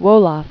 Wolof